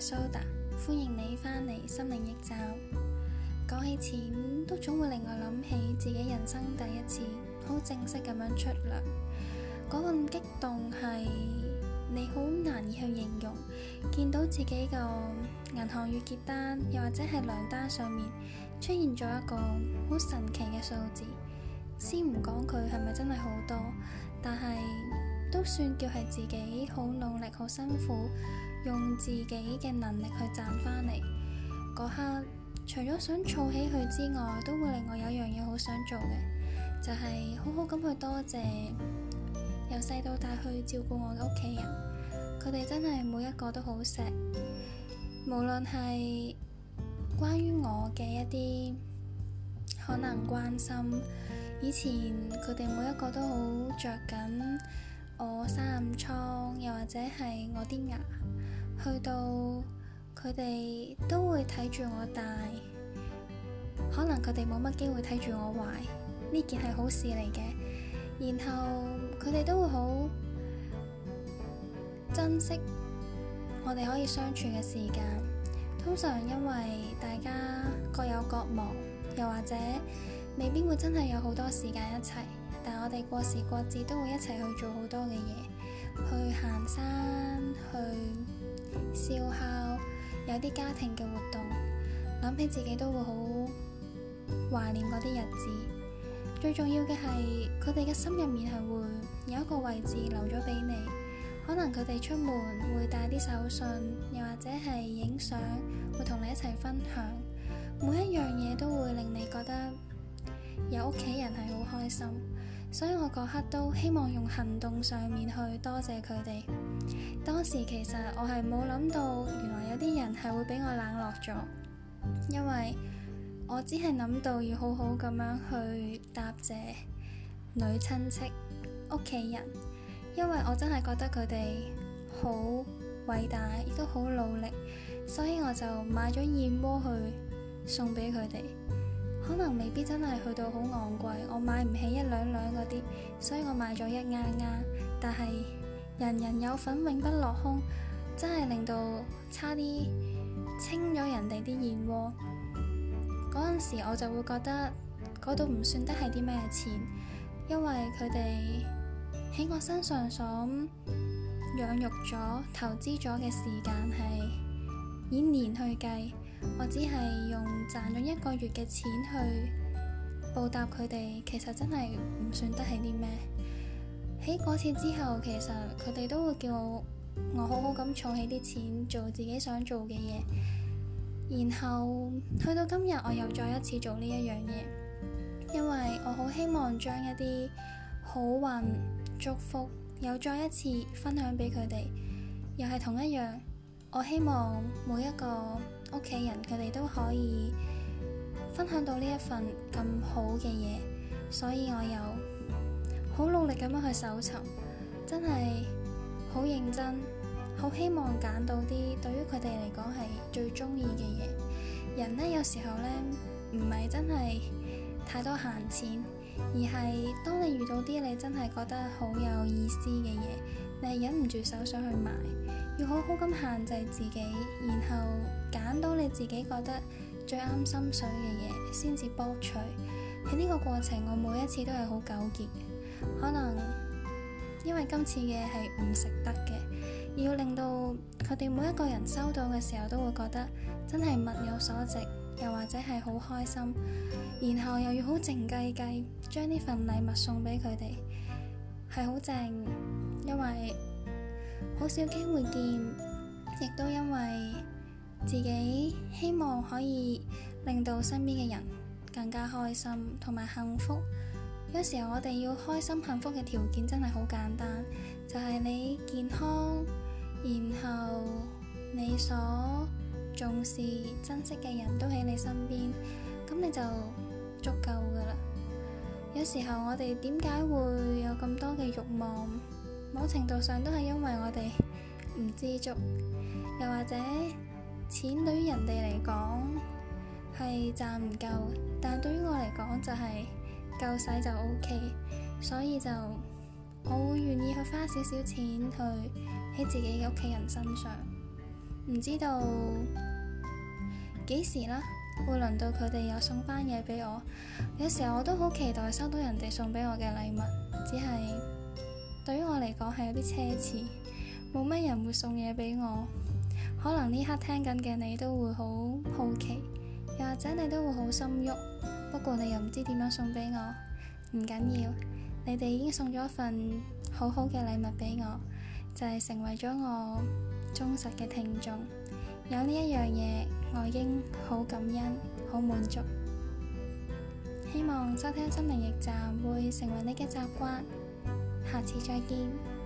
蘇達，Soul Da, 歡迎你返嚟心靈驛站。講起錢，都總會令我諗起自己人生第一次好正式咁樣出糧，嗰份激動係你好難以去形容。見到自己個銀行月結單，又或者係糧單上面出現咗一個好神奇嘅數字，先唔講佢係咪真係好多，但係。都算叫係自己好努力、好辛苦，用自己嘅能力去賺翻嚟，嗰刻除咗想儲起佢之外，都會令我有樣嘢好想做嘅，就係、是、好好咁去多謝由細到大去照顧我嘅屋企人，佢哋真係每一個都好錫，無論係關於我嘅一啲可能關心，以前佢哋每一個都好着緊。我生暗瘡，又或者係我啲牙，去到佢哋都會睇住我大。可能佢哋冇乜機會睇住我壞，呢件係好事嚟嘅。然後佢哋都會好珍惜我哋可以相處嘅時間。通常因為大家各有各忙，又或者未必會真係有好多時間一齊。但我哋過時過節都會一齊去做好多嘅嘢，去行山、去燒烤，有啲家庭嘅活動。諗起自己都會好懷念嗰啲日子。最重要嘅係佢哋嘅心入面係會有一個位置留咗俾你。可能佢哋出門會帶啲手信，又或者係影相，會同你一齊分享。每一樣嘢都會令你覺得有屋企人係好開心。所以我嗰刻都希望用行動上面去多謝佢哋。當時其實我係冇諗到，原來有啲人係會俾我冷落咗，因為我只係諗到要好好咁樣去答謝女親戚、屋企人，因為我真係覺得佢哋好偉大，亦都好努力，所以我就買咗燕窩去送俾佢哋。可能未必真係去到好昂貴，我買唔起一兩兩嗰啲，所以我買咗一啱啱。但係人人有份永不落空，真係令到差啲清咗人哋啲燕窩。嗰陣時我就會覺得嗰度唔算得係啲咩錢，因為佢哋喺我身上所養育咗、投資咗嘅時間係以年去計。我只係用賺咗一個月嘅錢去報答佢哋，其實真係唔算得起啲咩。喺嗰次之後，其實佢哋都會叫我，我好好咁儲起啲錢，做自己想做嘅嘢。然後去到今日，我又再一次做呢一樣嘢，因為我好希望將一啲好運、祝福有再一次分享俾佢哋。又係同一樣，我希望每一個。屋企人佢哋都可以分享到呢一份咁好嘅嘢，所以我有好努力咁樣去搜尋，真係好認真，好希望揀到啲對於佢哋嚟講係最中意嘅嘢。人呢，有時候呢，唔係真係太多閒錢，而係當你遇到啲你真係覺得好有意思嘅嘢。你忍唔住手想去買，要好好咁限制自己，然後揀到你自己覺得最啱心水嘅嘢，先至博取。喺呢個過程，我每一次都係好糾結，可能因為今次嘅係唔食得嘅，要令到佢哋每一個人收到嘅時候都會覺得真係物有所值，又或者係好開心，然後又要好靜雞雞將呢份禮物送俾佢哋，係好正。因為好少機會見，亦都因為自己希望可以令到身邊嘅人更加開心同埋幸福。有時候我哋要開心幸福嘅條件真係好簡單，就係你健康，然後你所重視、珍惜嘅人都喺你身邊，咁你就足夠㗎喇。有時候我哋點解會有咁多嘅慾望？某程度上都係因為我哋唔知足，又或者錢對於人哋嚟講係賺唔夠，但係對於我嚟講就係夠使就 OK，所以就我會願意去花少少錢去喺自己嘅屋企人身上。唔知道幾時啦，會輪到佢哋有送翻嘢俾我。有時候我都好期待收到人哋送俾我嘅禮物，只係。對於我嚟講係有啲奢侈，冇乜人會送嘢畀我。可能呢刻聽緊嘅你都會好好奇，又或者你都會好心郁，不過你又唔知點樣送畀我。唔緊要，你哋已經送咗一份好好嘅禮物畀我，就係成為咗我忠實嘅聽眾。有呢一樣嘢，我已經好感恩、好滿足。希望收聽心靈驛站會成為你嘅習慣。下次再見。